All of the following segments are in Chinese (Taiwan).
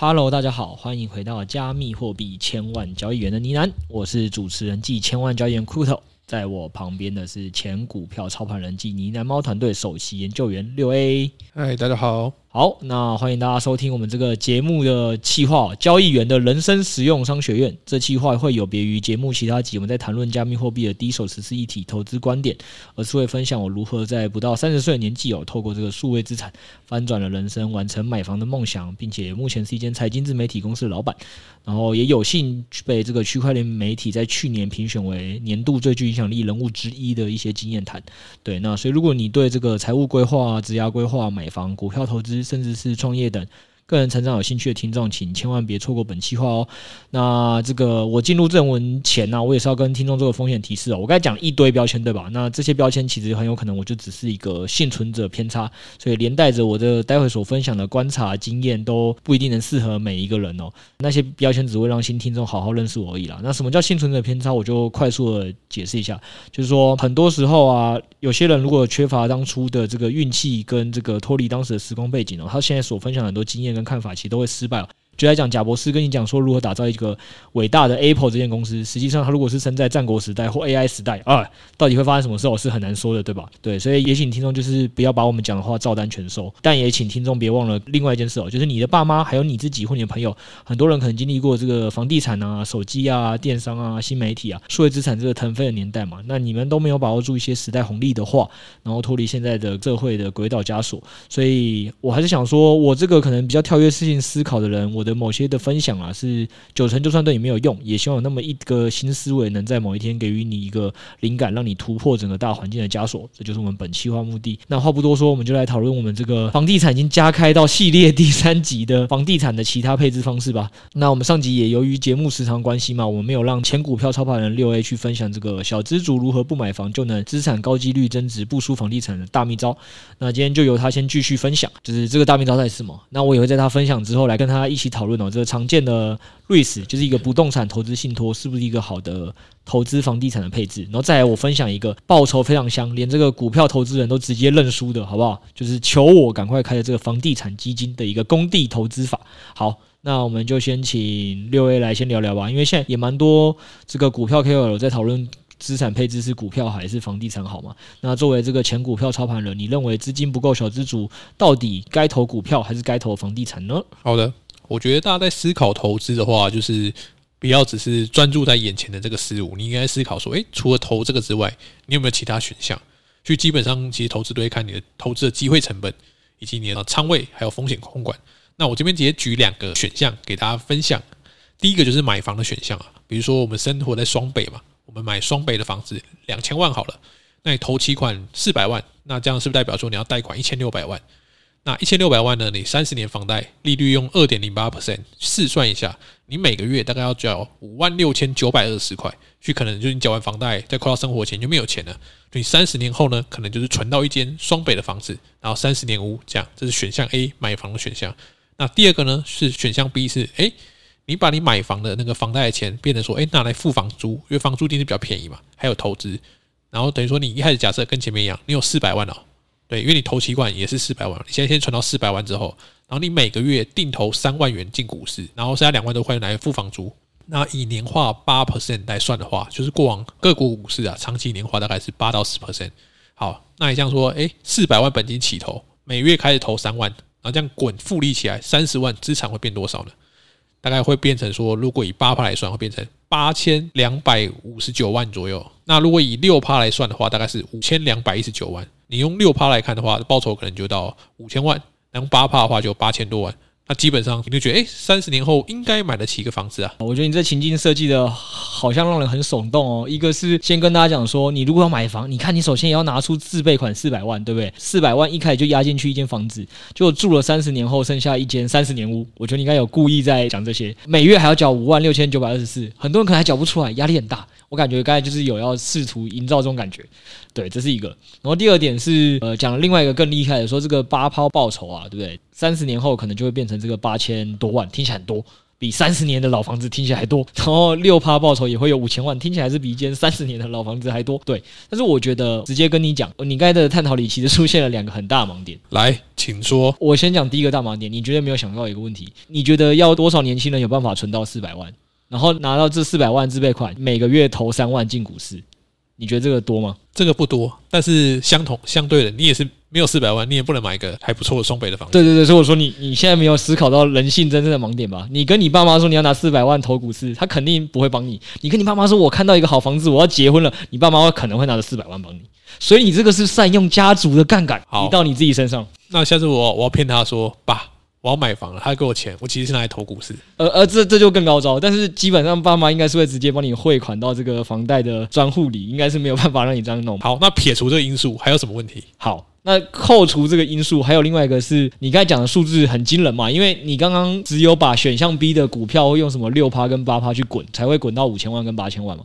Hello，大家好，歡迎回到加密貨幣千萬交易員的呢喃。我是主持人暨千萬交易員 Kuto，在我旁邊的是前股票操盤人暨呢喃貓團隊首席研究員六 A。嗨，大家好。好，那歡迎大家收聽我們這個節目的企劃——交易員的人生實用商學院。這企劃會有別於節目其他集，我們在談論加密貨幣的第一手實施議題、投資觀點，而是會分享我如何在不到三十歲的年紀，有透過這個數位資產翻轉了人生，完成買房的夢想，並且目前是一間財經自媒體公司的老闆。然後也有幸被這個區塊鏈媒體在去年評選為年度最具影響力人物之一的一些經驗談。對，那所以如果你對這個財務規劃、職涯規劃、買房、股票投資，甚至是創業等。個人成長有興趣的聽眾，請千萬別錯過本期話哦。那這個我進入正文前呢、啊，我也是要跟聽眾做個風險提示哦、喔。我剛才講一堆標籤，對吧？那這些標籤其實很有可能，我就只是一個倖存者偏差，所以連帶着我的待會所分享的觀察經驗都不一定能適合每一個人哦、喔。那些標籤只會讓新聽眾好好認識我而已啦。那什麼叫倖存者偏差？我就快速的解釋一下，就是說很多時候啊，有些人如果缺乏當初的這個運氣跟這個脫離當時的時空背景哦、喔，他現在所分享很多經驗。跟看法其實都會失敗了。就來講，賈博士跟你講說如何打造一個偉大的 Apple 這間公司，實際上他如果是生在戰國時代或 AI 時代啊，到底會發生什麼事，我是很難說的，對吧？對，所以也請聽眾就是不要把我們講的話照單全收，但也請聽眾別忘了另外一件事哦，就是你的爸媽、還有你自己或你的朋友，很多人可能經歷過這個房地產啊、手機啊、電商啊、新媒體啊、數位資產這個騰飛的年代嘛，那你們都沒有把握住一些時代紅利的話，然後脫離現在的社會的軌道枷鎖，所以我還是想說，我這個可能比較跳躍性思考的人，我的某些的分享啊，是九成就算對你沒有用，也希望有那麼一個新思維，能在某一天給予你一個靈感，讓你突破整個大環境的枷鎖。這就是我們本企劃目的。那話不多說，我們就來討論我們這個房地產已經加開到系列第三集的房地產的其他配置方式吧。那我們上集也由於節目時長關係嘛，我們沒有讓前股票操盤人六 A 去分享這個小資族如何不買房就能資產高幾率增值不輸房地產的大秘招。那今天就由他先繼續分享，就是這個大秘招在什麼？那我也會在他分享之後來跟他一起討。討論哦，這個常見的 REITs 就是一個不動產投資信託，是不是一個好的投資房地產的配置？然後再來，我分享一個報酬非常香，連這個股票投資人都直接認輸的，好不好？就是求我趕快開的這個房地產基金的一個工地投資法。好，那我們就先請六 A 來先聊聊吧，因為現在也蠻多這個股票 KOL 在討論資產配置是股票還是房地產，好嗎？那作為這個前股票操盤人，你認為資金不夠小資族到底該投股票還是該投房地產呢？好的。我覺得大家在思考投資的話，就是不要只是專注在眼前的這個事物，你應該思考說，誒、欸，除了投這個之外，你有沒有其他選項？所以基本上其實投資都會看你的投資的機會成本，以及你的倉位還有風險控管。那我這邊直接舉兩個選項給大家分享。第一個就是買房的選項啊，比如說我們生活在雙北嘛，我們買雙北的房子兩千萬好了，那你頭期款四百萬，那這樣是不是代表說你要貸款一千六百萬？那一千六百萬呢？你三十年房貸利率用二點零八 percent 試算一下，你每個月大概要交五萬六千九百二十塊，去可能就你繳完房貸再扣掉生活錢就沒有錢了。你三十年後呢，可能就是存到一間雙北的房子，然後三十年屋這樣，這是選項 A 買房的選項。那第二個呢是選項 B 是，誒、欸，你把你買房的那個房貸的錢變成說誒，拿來付房租，因為房租定是比較便宜嘛，還有投資，然後等於說你一開始假設跟前面一樣，你有四百萬哦、喔。對，因為你投七萬也是四百萬，你現在先存到四百萬之後，然後你每個月定投三萬元進股市，然後剩下兩萬多塊用來付房租。那以年化八%來算的話，就是過往各國股市啊，長期年化大概是八到十%。好，那你這樣說，誒，四百萬本金起投，每月開始投三萬，然後這樣滾複利起來，三十萬資產會變多少呢？大概會變成說，如果以八%來算，會變成八千兩百五十九萬左右。那如果以六%來算的話，大概是五千兩百一十九萬。你用六趴來看的話，報酬可能就到五千萬，然後八趴的話，就八千多萬。那基本上你就覺得，誒，三十年後應該買得起一個房子啊？我覺得你這情境設計的好像讓人很聳動哦。一個是先跟大家講說，你如果要買房，你看你首先也要拿出自備款四百萬，對不對？四百萬一開始就壓進去一間房子，就住了三十年後剩下一間三十年屋。我覺得你應該有故意在講這些，每月還要繳五萬六千九百二十四，很多人可能還繳不出來，壓力很大。我感覺剛才就是有要試圖營造這種感覺，對，這是一個。然後第二點是，呃，講另外一個更厲害的，說這個八趴報酬啊，對不對？三十年後可能就會變成這個八千多萬，聽起來很多，比三十年的老房子聽起來還多。然後六趴報酬也會有五千萬，聽起來還是比一間三十年的老房子還多。對，但是我覺得直接跟你講，你剛才的探討裡其實出現了兩個很大盲點。來，請說。我先講第一個大盲點，你絕對沒有想到一個問題？你覺得要多少年輕人有辦法存到四百萬，然後拿到這四百萬自備款，每個月投三萬進股市？你覺得這個多嗎？這個不多，但是相同相對的，你也是沒有四百萬，你也不能買一個還不錯的雙北的房子。對對對，所以我說你你現在沒有思考到人性真正的盲點吧？你跟你爸媽說你要拿四百萬投股市，他肯定不會幫你。你跟你爸媽說，我看到一個好房子，我要結婚了，你爸媽可能會拿着四百萬幫你。所以你這個是善用家族的槓桿，移到你自己身上。那下次我我要騙他說爸。我好買房了，他給我錢，我其實是拿來投股市。呃呃，這這就更高招，但是基本上爸媽應該是會直接幫你匯款到這個房貸的專戶裡，應該是沒有辦法讓你這樣弄。好，那撇除這個因素，還有什麼問題？好，那扣除這個因素，還有另外一個是你剛才講的數字很驚人嘛？因為你剛剛只有把選項 B 的股票用什麼六趴跟八趴去滾，才會滾到五千萬跟八千萬嘛。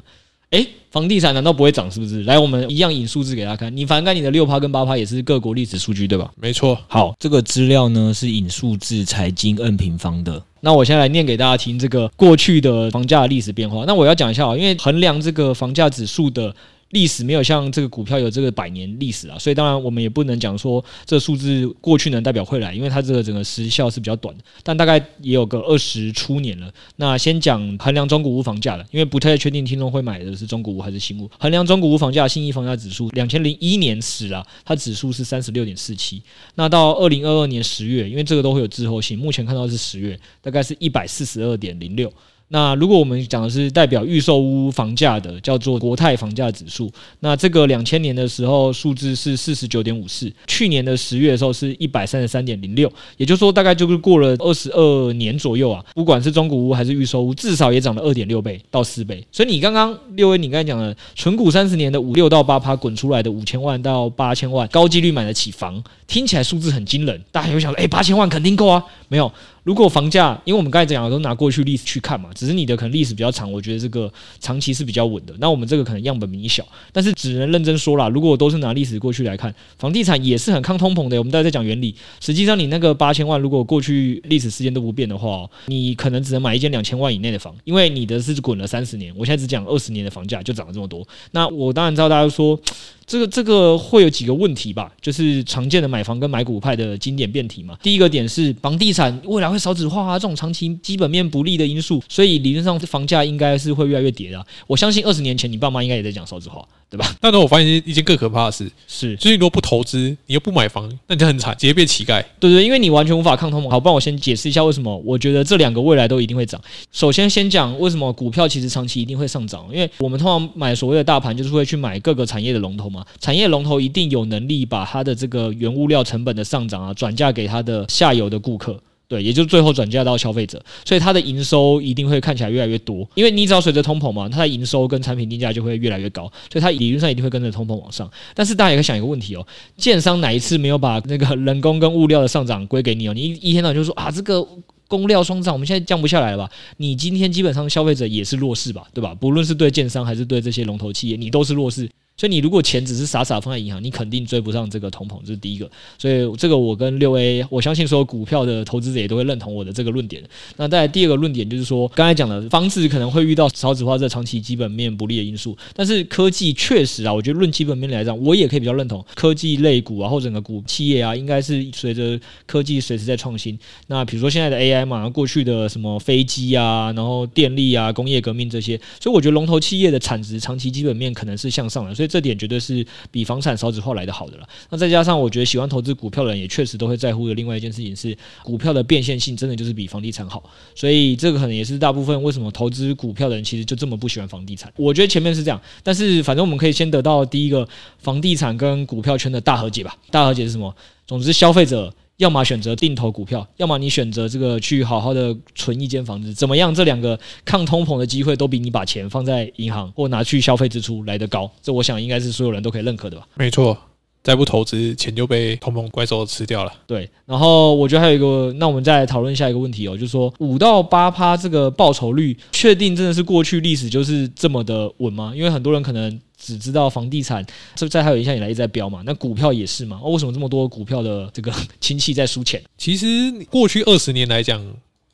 哎、欸，房地產難道不會漲？是不是？來，我們一樣引數字給大家看。你反正看你的六趴跟八趴也是各國歷史數據對吧？沒錯。好，這個資料呢是引數字財經 M 平方的。那我先來念給大家聽這個過去的房價的歷史變化。那我要講一下啊，因為衡量這個房價指數的歷史沒有像這個股票有這個百年歷史啊，所以當然我們也不能講說這數字過去能代表未來，因為它這個整個時效是比較短的，但大概也有個二十出年了。那先講衡量中古屋房價的，因為不太確定聽眾會買的是中古屋還是新屋。衡量中古屋房價，信義房價指數，兩千零一年時啊，它指數是三十六點四七，那到二零二二年十月，因為這個都會有滯後性，目前看到是十月，大概是一百四十二點零六。那如果我們講的是代表預售屋房價的，叫做國泰房價指數，那這個兩千年的時候數字是四十九點五四，去年的十月的時候是一百三十三點零六，也就是說大概就是過了二十二年左右啊，不管是中古屋還是預售屋，至少也漲了二點六倍到四倍。所以你剛剛六位，你剛才講的存股三十年的五六到八趴滾出來的五千萬到八千萬，高幾率買得起房。聽起來數字很驚人，大家就會想到，“哎，八千萬肯定夠啊？”沒有，如果房價，因為我們剛才講的都拿過去歷史去看嘛，只是你的可能歷史比較長，我覺得這個長期是比較穩的。那我們這個可能樣本比較小，但是只能認真說啦。如果都是拿歷史過去來看，房地產也是很抗通膨的。我們大家在講原理，實際上你那個八千萬，如果過去歷史時間都不變的話，你可能只能買一間兩千萬以內的房，因為你的是滾了三十年。我現在只講二十年的房價就漲了這麼多。那我當然知道大家說這個這個會有幾個問題吧，就是常見的買。房跟買股派的經典辯題嘛，第一個點是房地產未來會少子化、啊、這種長期基本面不利的因素，所以理論上房價應該是會越來越跌的、啊。我相信二十年前你爸媽應該也在講少子化。對吧？但是我發現一件更可怕的事，是，就是你如果不投資，你又不買房，那你就很慘，直接變乞丐。對對，因為你完全無法抗通膨。好，不然我先解釋一下為什麼？我覺得這兩個未來都一定會漲。首先，先講為什麼股票其實長期一定會上漲，因為我們通常買所謂的大盤，就是會去買各個產業的龍頭嘛。產業龍頭一定有能力把它的這個原物料成本的上漲啊，轉嫁給它的下游的顧客。對，也就是最後轉嫁到消費者，所以它的營收一定會看起來越來越多，因為你只要隨着通膨嘛，它的營收跟產品定價就會越來越高，所以它理論上一定會跟着通膨往上。但是大家也會想一個問題哦，建商哪一次沒有把那個人工跟物料的上漲歸給你哦？你一天到晚就說啊，這個工料雙漲，我們現在降不下來了吧？你今天基本上消費者也是弱勢吧，對吧？不論是對建商還是對這些龍頭企業，你都是弱勢。所以你如果錢只是傻傻放在銀行，你肯定追不上這個通膨，這是第一個。所以這個我跟六 A，我相信所有股票的投資者也都會認同我的這個論點。那再來第二個論點就是說，剛才講的，房子可能會遇到少子化這長期基本面不利的因素。但是科技確實啊，我覺得論基本面來講，我也可以比較認同科技類股啊，或者整個股企業啊，應該是隨着科技隨時在創新。那比如說現在的 AI 嘛，過去的什麼飛機啊，然後電力啊，工業革命這些，所以我覺得龍頭企業的產值長期基本面可能是向上的。所以所以這點絕對是比房產少子化來的好的了。那再加上，我覺得喜歡投資股票的人也確實都會在乎的另外一件事情是，股票的變現性真的就是比房地產好。所以這個可能也是大部分為什麼投資股票的人其實就這麼不喜歡房地產。我覺得前面是這樣，但是反正我們可以先得到第一個房地產跟股票圈的大和解吧。大和解是什麼？總之消費者。要麼選擇定投股票，要麼你選擇這個去好好的存一間房子，怎麼樣？這兩個抗通膨的機會都比你把錢放在銀行或拿去消費支出來得高，這我想應該是所有人都可以認可的吧？沒錯，再不投資，錢就被通膨怪獸吃掉了。對，然後我覺得還有一個，那我們再討論下一個問題哦，就是說五到八趴這個報酬率，確定真的是過去歷史就是這麼的穩嗎？因為很多人可能。只知道房地產，是不是在還有一下以來一直在飆嘛，那股票也是嘛。哦，為什麼這麼多股票的這個親戚在輸錢？其實過去二十年來講，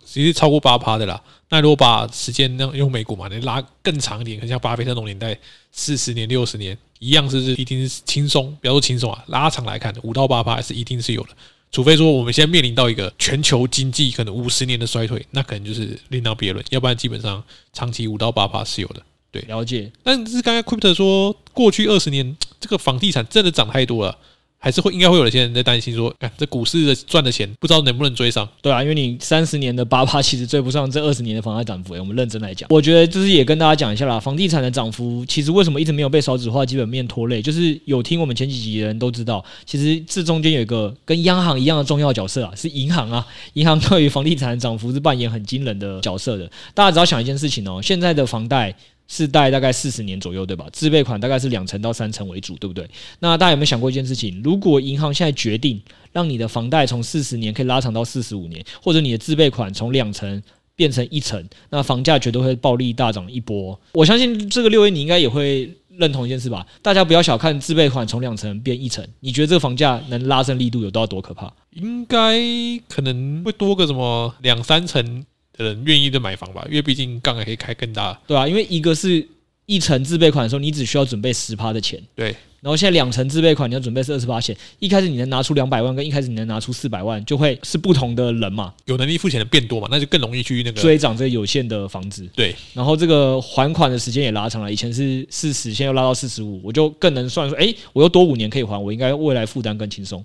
其實超過八趴的啦。那如果把時間那用美股嘛，你拉更長一點，很像巴菲特那種年代，四十年、六十年，一樣是不是一定是輕鬆，不要說輕鬆啊，拉長來看，五到八趴是一定是有的。除非說我們現在面臨到一個全球經濟可能五十年的衰退，那可能就是另當別論。要不然基本上長期五到八趴是有的。對，了解。但是剛才 Quipter 說，過去二十年這個房地產真的漲太多了，還是會應該會有一些人在擔心說，看這股市的賺的錢不知道能不能追上。對啊，因為你三十年的八八其實追不上這二十年的房貸漲幅，欸。我們認真來講，我覺得就是也跟大家講一下啦，房地產的漲幅其實為什麼一直沒有被少子化基本面拖累？就是有聽我們前幾集的人都知道，其實這中間有一個跟央行一樣的重要角色啊，是銀行啊。銀行對於房地產的漲幅是扮演很驚人的角色的。大家只要想一件事情哦，現在的房貸。是貸大概四十年左右，對吧？自備款大概是兩成到三成為主，對不對？那大家有沒有想過一件事情？如果銀行現在決定讓你的房貸從四十年可以拉長到四十五年，或者你的自備款從兩成變成一成，那房價絕對會暴力大漲一波。我相信這個六 A 你應該也會認同一件事吧？大家不要小看自備款從兩成變一成，你覺得這個房價能拉升力度有到多可怕？應該可能會多個什麼兩三成。人願意的買房吧，因為畢竟槓桿可以開更大，對啊，因為一個是一層自備款的時候，你只需要準備十趴的錢，對。然後現在兩層自備款，你要準備是二十趴錢。一開始你能拿出兩百萬，跟一開始你能拿出四百萬，就會是不同的人嘛。有能力付錢的變多嘛，那就更容易去那個追漲這有限的房子。對。然後這個還款的時間也拉長了，以前是四十，現在又拉到四十五，我就更能算說，哎，我又多五年可以還，我應該未來負擔更輕鬆。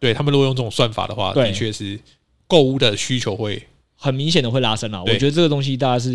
對，他們如果用這種算法的話，的確是購物的需求會很明顯的會拉升啦，我覺得這個東西大家是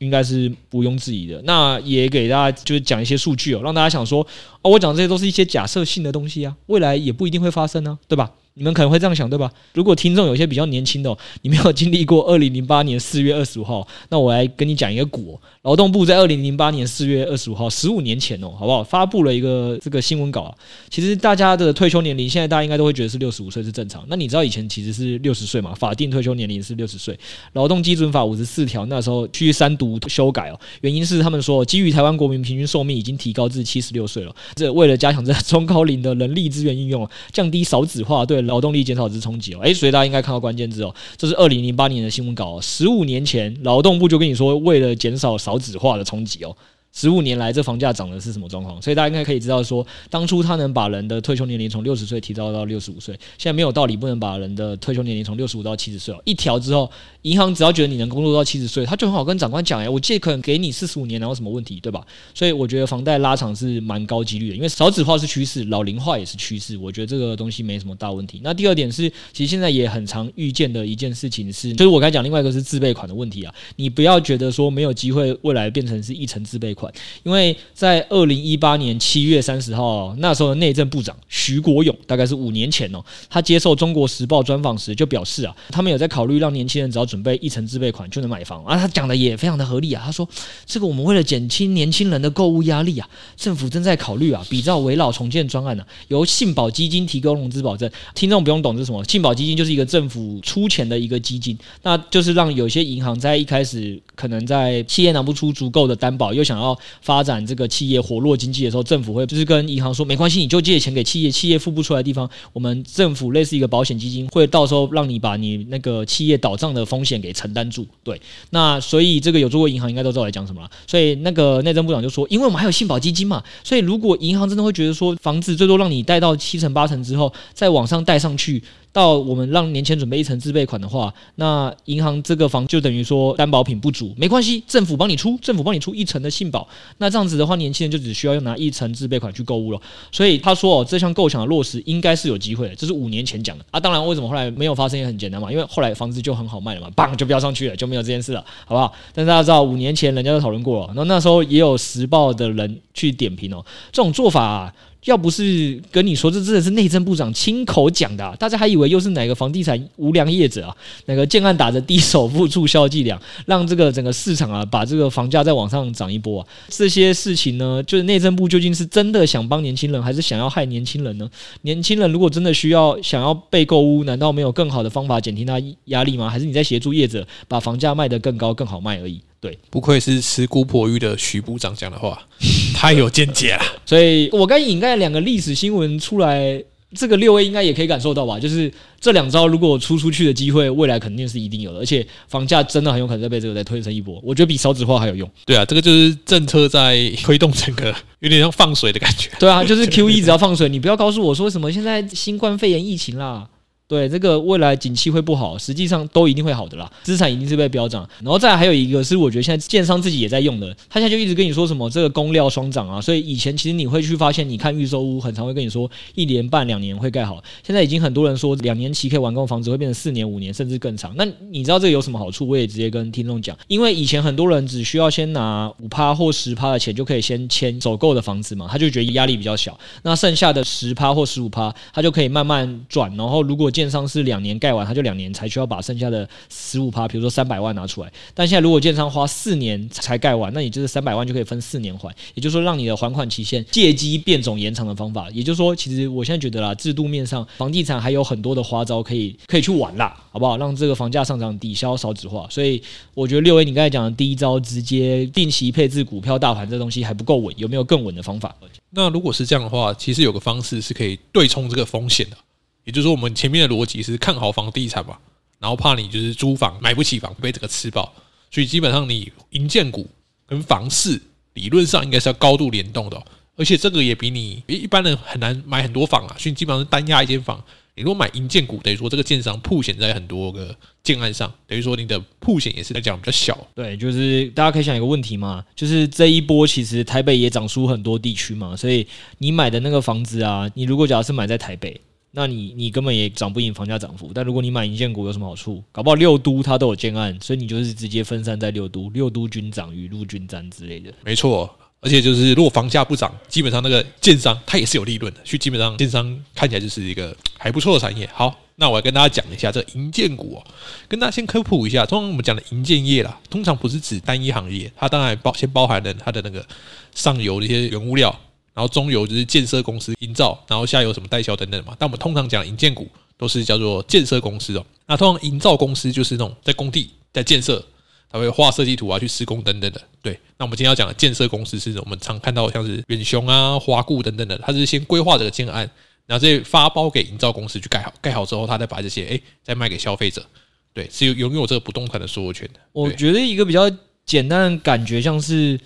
應該是毋庸置疑的。那也給大家就是講一些數據哦，讓大家想說，哦，我講這些都是一些假設性的東西啊，未來也不一定會發生呢，對吧？你們可能會這樣想，對吧？如果聽眾有些比較年輕的，你沒有經歷過二零零八年四月二十五號，那我來跟你講一個古。勞動部在二零零八年四月二十五號，十五年前哦，好不好？發布了一個這個新聞稿。其實大家的退休年齡，現在大家應該都會覺得是六十五歲是正常。那你知道以前其實是六十歲嘛？法定退休年齡是六十歲。勞動基準法五十四條那時候去三讀修改哦，原因是他們說基於台灣國民平均壽命已經提高至七十六歲了，這為了加強這中高齡的人力資源應用，降低少子化對。勞動力減少之衝擊哦，誒、欸，所以大家應該看到關鍵字哦，這是二零零八年的新聞稿哦，十五年前勞動部就跟你說，為了減少少子化的衝擊哦，十五年來這房價漲的是什麼狀況？所以大家應該可以知道說，當初他能把人的退休年齡從六十歲提高到六十五歲，現在沒有道理不能把人的退休年齡從六十五到七十歲哦，一調之後。銀行只要覺得你能工作到七十歲，他就很好跟長官講，哎，我借款給你四十五年，然後什麼問題對吧？所以我覺得房貸拉長是蠻高幾率的，因為少子化是趨勢，老齡化也是趨勢，我覺得這個東西沒什麼大問題。那第二點是，其實現在也很常遇見的一件事情是，就是我剛才講另外一個是自備款的問題啊，你不要覺得說，沒有機會未來變成是一成自備款，因為在二零一八年七月三十號、喔、那時候的內政部長徐國勇大概是五年前哦、喔，他接受中國時報專訪時就表示啊，他們有在考慮讓年輕人只要準備一成自備款就能買房啊！他講的也非常的合理啊。他說：“這個我們為了減輕年輕人的購物壓力啊，政府正在考慮啊，比照危老重建專案呢、啊，由信保基金提供融資保證。”聽眾不用懂這是什麼，信保基金就是一個政府出錢的一個基金，那就是讓有些銀行在一開始可能在企業拿不出足夠的擔保，又想要發展這個企業活絡經濟的時候，政府會就是跟銀行說：“沒關係，你就借錢給企業，企業付不出來的地方，我們政府類似一個保險基金，會到時候讓你把你那個企業倒賬的風。”風險給承擔住，對，那所以這個有做過銀行應該都知道來講什麼了。所以那個內政部長就說，因為我們還有信保基金嘛，所以如果銀行真的會覺得說房子最多讓你貸到七成八成之後，再往上貸上去，到我們讓年前準備一成自備款的話，那銀行這個房就等於說擔保品不足，沒關係，政府幫你出，政府幫你出一成的信保，那這樣子的話，年輕人就只需要用拿一成自備款去購物了。所以他說哦，這項構想的落實應該是有機會的，這是五年前講的啊。當然，為什麼後來沒有發生也很簡單嘛，因為後來房子就很好賣了嘛，砰就飆上去了，就沒有這件事了，好不好？但大家知道五年前人家都討論過了，那那時候也有時報的人去點評哦，這種做法啊。要不是跟你說，這真的是內政部長親口講的、啊，大家還以為又是哪個房地產無良業者啊，哪個建案打着低首付促銷伎倆，讓這個整個市場啊，把這個房價再往上漲一波啊。這些事情呢，就是內政部究竟是真的想幫年輕人，還是想要害年輕人呢？年輕人如果真的需要想要被購屋，難道沒有更好的方法減輕他壓力嗎？還是你在協助業者把房價賣得更高、更好賣而已？對，不愧是持姑婆芋的徐部長講的話。太有見解了， 所以我剛才引蓋兩個歷史新聞出來，這個六 A 應該也可以感受到吧？就是這兩招如果出出去的機會，未來肯定是一定有的，而且房價真的很有可能再被這個再推升一波。我覺得比少子化還有用。對啊，這個就是政策在推動整個，有點像放水的感覺。對啊，就是 QE 只要放水， 你不要告訴我說什麼現在新冠肺炎疫情啦。對，這個未來景氣會不好，實際上都一定會好的啦，資產一定是被飆漲。然後再來還有一個是，我覺得現在建商自己也在用的，他現在就一直跟你說什麼這個工料雙漲啊。所以以前其實你會去發現，你看預售屋很常會跟你說一年半兩年會蓋好，現在已經很多人說兩年期可以完工的房子會變成四年五年甚至更長。那你知道這個有什麼好處？我也直接跟聽眾講，因為以前很多人只需要先拿五趴或十趴的錢就可以先簽首購的房子嘛，他就覺得壓力比較小。那剩下的十趴或十五趴，他就可以慢慢轉，然後如果建建商是兩年蓋完，他就兩年才需要把剩下的十五趴，比如說三百萬拿出來。但現在如果建商花四年才蓋完，那也就是三百萬就可以分四年還，也就是說讓你的還款期限借機變種延長的方法。也就是說，其實我現在覺得啦，制度面上房地產還有很多的花招可以可以去玩啦，好不好？讓這個房價上漲抵消少子化。所以我覺得六 A，你剛才講的第一招直接定期配置股票大盤這東西還不夠穩，有沒有更穩的方法？那如果是這樣的話，其實有個方式是可以對沖這個風險的。也就是說，我們前面的邏輯是看好房地產嘛，然後怕你就是租房買不起房被這個吃爆，所以基本上你營建股跟房市理論上應該是要高度聯動的，而且這個也比你比一般人很難買很多房啊，所以基本上是單押一間房，你如果買營建股，等於說這個建商曝險在很多個建案上，等於說你的曝險也是來講比較小。對，就是大家可以想一個問題嘛，就是這一波其實台北也漲輸很多地區嘛，所以你買的那個房子啊，你如果假設是買在台北。那你你根本也漲不贏房價漲幅，但如果你買營建股有什麼好處？搞不好六都它都有建案，所以你就是直接分散在六都，六都均漲，雨露均沾之類的。沒錯，而且就是如果房價不漲，基本上那個建商它也是有利潤的，所以基本上建商看起來就是一個還不錯的產業。好，那我來跟大家講一下這個營建股、喔，跟大家先科普一下，通常我們講的營建業啦，通常不是指單一行業，它當然包先包含了它的那個上游的一些原物料。然後中游就是建設公司營造，然後下游什麼代銷等等的嘛。但我們通常講營建股都是叫做建設公司哦。那通常營造公司就是那種在工地在建設，它會畫設計圖啊，去施工等等的。對，那我們今天要講的建設公司是我們常看到像是遠雄啊、華固等等的，它是先規劃這個建案，然後再發包給營造公司去蓋好，蓋好之後他再把這些哎再賣給消費者。對，是有擁有這個不動產的所有權的。我覺得一個比較簡單的感覺像是。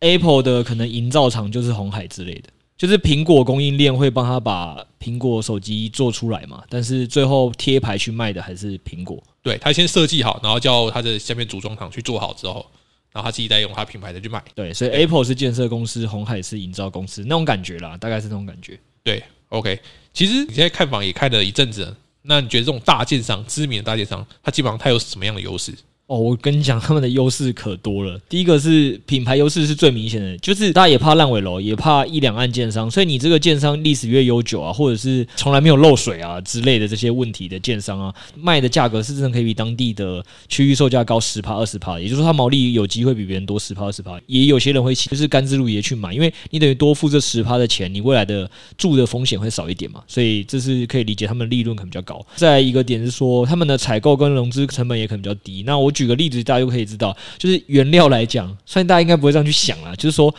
Apple 的可能營造廠就是鴻海之類的，就是蘋果供應鏈會幫他把蘋果手機做出來嘛，但是最後貼牌去賣的還是蘋果。對，他先設計好，然後叫他的下面組裝廠去做好之後，然後他自己再用他品牌的去賣。對，所以 Apple 對對，是建設公司，鴻海是營造公司，那種感覺啦，大概是那種感覺。對，OK，其實你現在看房也看了一陣子，那你覺得這種大建商，知名的大建商，它基本上它有什麼樣的優勢？哦，我跟你講，他們的優勢可多了。第一個是品牌優勢是最明顯的，就是大家也怕爛尾樓，也怕一兩案建商，所以你這個建商歷史越悠久啊，或者是從來沒有漏水啊之類的這些問題的建商啊，賣的價格是真的可以比當地的區域售價高十趴二十趴，也就是說，他毛利有機會比別人多十趴二十趴。也有些人會就是甘之如飴去買，因為你等於多付這十趴的錢，你未來的住的風險會少一點嘛，所以這是可以理解，他們利潤可能比較高。再一個點是說，他們的採購跟融資成本也可能比較低。那我。舉個例子，大家就可以知道，就是原料來講，雖然大家應該不會這樣去想啊，就是說，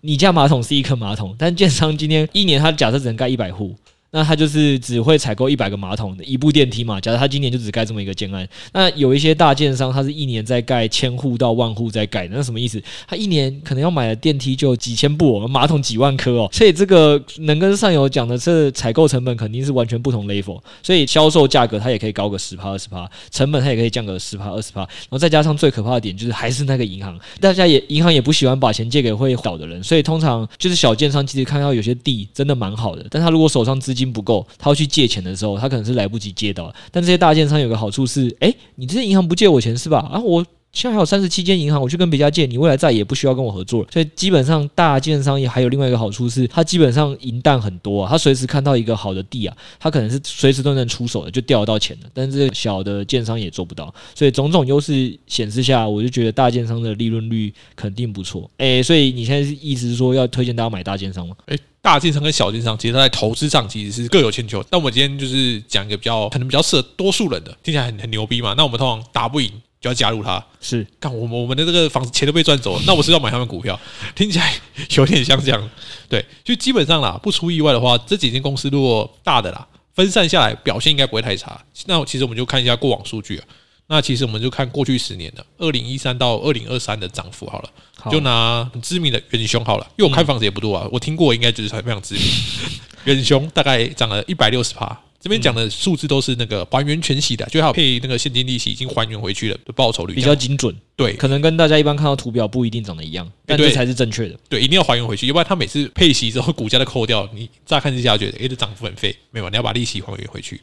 你家馬桶是一顆馬桶，但建商今天一年，他假設只能蓋一百戶。那他就是只會採購一百個馬桶的一部電梯嘛？假如他今年就只蓋這麼一個建案，那有一些大建商，他是一年在蓋千戶到萬戶在蓋，那什麼意思？他一年可能要買的電梯就幾千部，馬桶幾萬顆哦。所以這個能跟上游講的這採購成本肯定是完全不同 level，所以銷售價格它也可以高個十趴二十趴，成本它也可以降個十趴二十趴。然後再加上最可怕的點就是還是那個銀行，大家也銀行也不喜歡把錢借給會倒的人，所以通常就是小建商其實看到有些地真的蠻好的，但他如果手上資金金不夠，他要去借錢的時候，他可能是來不及借到。但這些大建商有個好處是，哎、欸，你這些銀行不借我錢是吧？啊，我。現在還有三十七間銀行，我去跟別家借，你未來再也不需要跟我合作了。所以基本上大建商也還有另外一個好處是，它基本上銀彈很多啊，它隨時看到一個好的地啊，它可能是隨時都能出手的，就掉得到錢的。但是小的建商也做不到，所以種種優勢顯示下，我就覺得大建商的利潤率肯定不錯。哎，所以你現在是意思是說要推薦大家買大建商嗎？哎，大建商跟小建商其實在投資上其實是各有千秋。但我們今天就是講一個比較可能比較適合多數人的，聽起來很很牛逼嘛。那我們通常打不贏。就要加入他，是看我們我們的這個房子錢都被賺走了，那我是要買他們股票，聽起來有點像這樣，對，就基本上啦，不出意外的話，這幾間公司如果大的啦，分散下來表現應該不會太差。那其實我們就看一下過往數據啊，那其實我們就看過去十年的二零一三到二零二三的漲幅好了，就拿很知名的遠雄好了，因為我看房子也不多啊，我聽過應該就是非常知名， 遠雄，大概漲了一百六十趴。這邊講的數字都是那個還原權息的，就還有配那個現金利息已經還原回去了的報酬率，比較精準。對，可能跟大家一般看到圖表不一定長得一樣，但這才是正確的。對,對，一定要還原回去，要不然他每次配息之後股價都扣掉，你乍看之下覺得哎、欸，這漲幅很廢，沒有，你要把利息還原回去。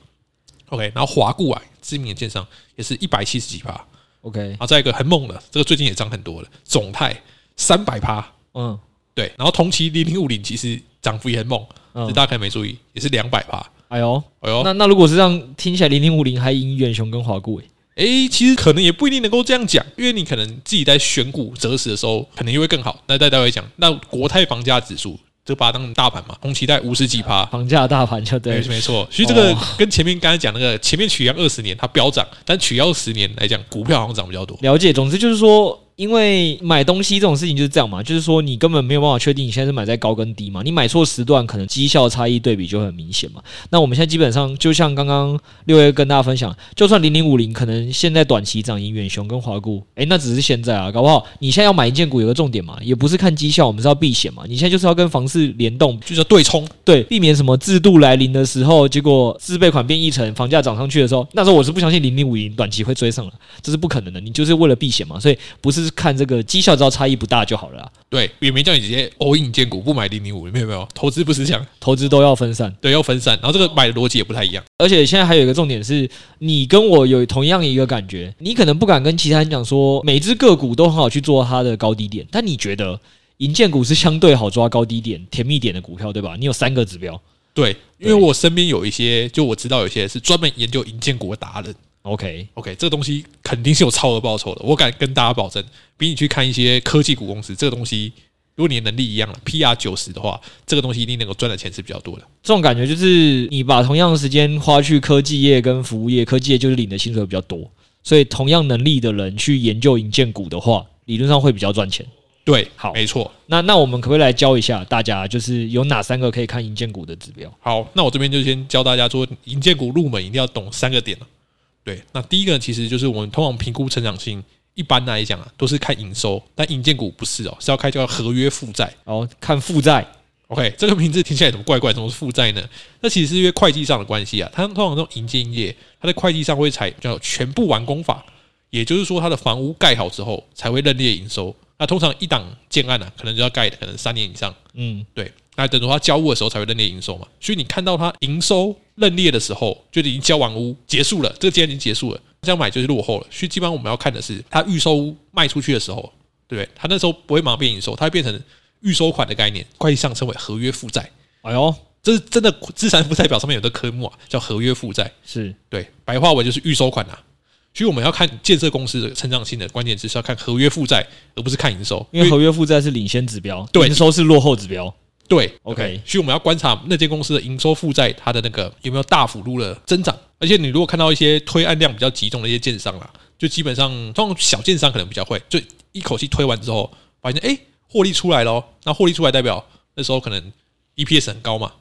OK，然後華固啊，知名的建商也是一百七十幾趴。OK，然後再一個很猛的，這個最近也漲很多了，總太三百趴。嗯，對，然後同期零零五零其實漲幅也很猛，嗯大家可能沒注意，也是兩百趴。哎呦，哎呦，那那如果是這樣聽起來，零零五零還贏遠雄跟華固誒，誒、欸，其實可能也不一定能夠這樣講，因為你可能自己在選股擇時的時候，可能又會更好。那再再來講，那國泰房價指數就把它當成大盤嘛，同期在五十幾趴、啊，房價大盤就對、欸，沒錯。其實這個跟前面剛才講那個前面取樣二十年它飆漲，但取樣十年來講，股票好像漲比較多。了解，總之就是說。因為買東西這種事情就是這樣嘛，就是說你根本沒有辦法確定你現在是買在高跟低嘛，你買錯時段，可能績效差異對比就很明顯嘛。那我們現在基本上就像剛剛六月跟大家分享，就算零零五零可能現在短期漲贏遠雄跟華固誒，那只是現在啊，搞不好你現在要買營建股，有個重點嘛，也不是看績效，我們是要避險嘛。你現在就是要跟房市聯動，就是對沖，對，避免什麼制度來臨的時候，結果自備款變一成，房價漲上去的時候，那時候我是不相信零零五零短期會追上了，這是不可能的。你就是為了避險嘛，所以不是。看這個績效，只要差異不大就好了。對，也沒叫你直接歐印營建股不買零零五，有沒有？沒有，投資不是這樣，投資都要分散，對，要分散。然後這個買的邏輯也不太一樣。而且現在還有一個重點是，你跟我有同樣一個感覺，你可能不敢跟其他人講說每隻個股都很好去做它的高低點，但你覺得營建股是相對好抓高低點、甜蜜點的股票，對吧？你有三個指標，對，因為我身邊有一些，就我知道有些是專門研究營建股的達人。OK，OK，、okay. okay, 這個東西肯定是有超額報酬的，我敢跟大家保證，比你去看一些科技股公司，這個東西，如果你的能力一樣了，PR 九十的話，這個東西一定能夠賺的錢是比較多的。這種感覺就是，你把同樣的時間花去科技業跟服務業，科技業就是領的薪水比較多，所以同樣能力的人去研究營建股的話，理論上會比較賺錢。對，好，沒錯。那那我們可不可以來教一下大家，就是有哪三個可以看營建股的指標？好，那我這邊就先教大家說，營建股入門一定要懂三個點了。對，那第一個呢，其實就是我們通常評估成長性，一般來講啊，都是看營收，但營建股不是哦，是要看叫合約負債，哦，看負債。OK，這個名字聽起來怎麼怪怪？怎麼是負債呢？那其實是因為會計上的關係啊。它通常這種營建業，它在會計上會採叫全部完工法，也就是說它的房屋蓋好之後才會認列營收。那通常一檔建案呢、啊，可能就要蓋可能三年以上。嗯，對。那等到他交屋的時候才會認列營收嘛。所以你看到他營收認列的時候，就已經交完屋結束了，這個既然已經結束了，這樣買就是落後了。所以基本上我們要看的是他預收屋賣出去的時候，對不對，他那時候不會馬上變營收，它會變成預收款的概念，會計上稱為合約負債。哎呦，這是真的資產負債表上面有個科目啊，叫合約負債。是對，白話文就是預收款啊。所以我們要看建設公司的成長性的關鍵，是要看合約負債，而不是看營收，因為合約負債是領先指標，營收是落後指標。對，OK，所以我們要觀察那間公司的營收負債，它的那個有沒有大幅度的增長。而且，你如果看到一些推案量比較集中的一些建商啦，就基本上這種小建商可能比較會，就一口氣推完之後，發現哎、欸，獲利出來了、哦。那獲利出來代表那時候可能 EPS 很高嘛，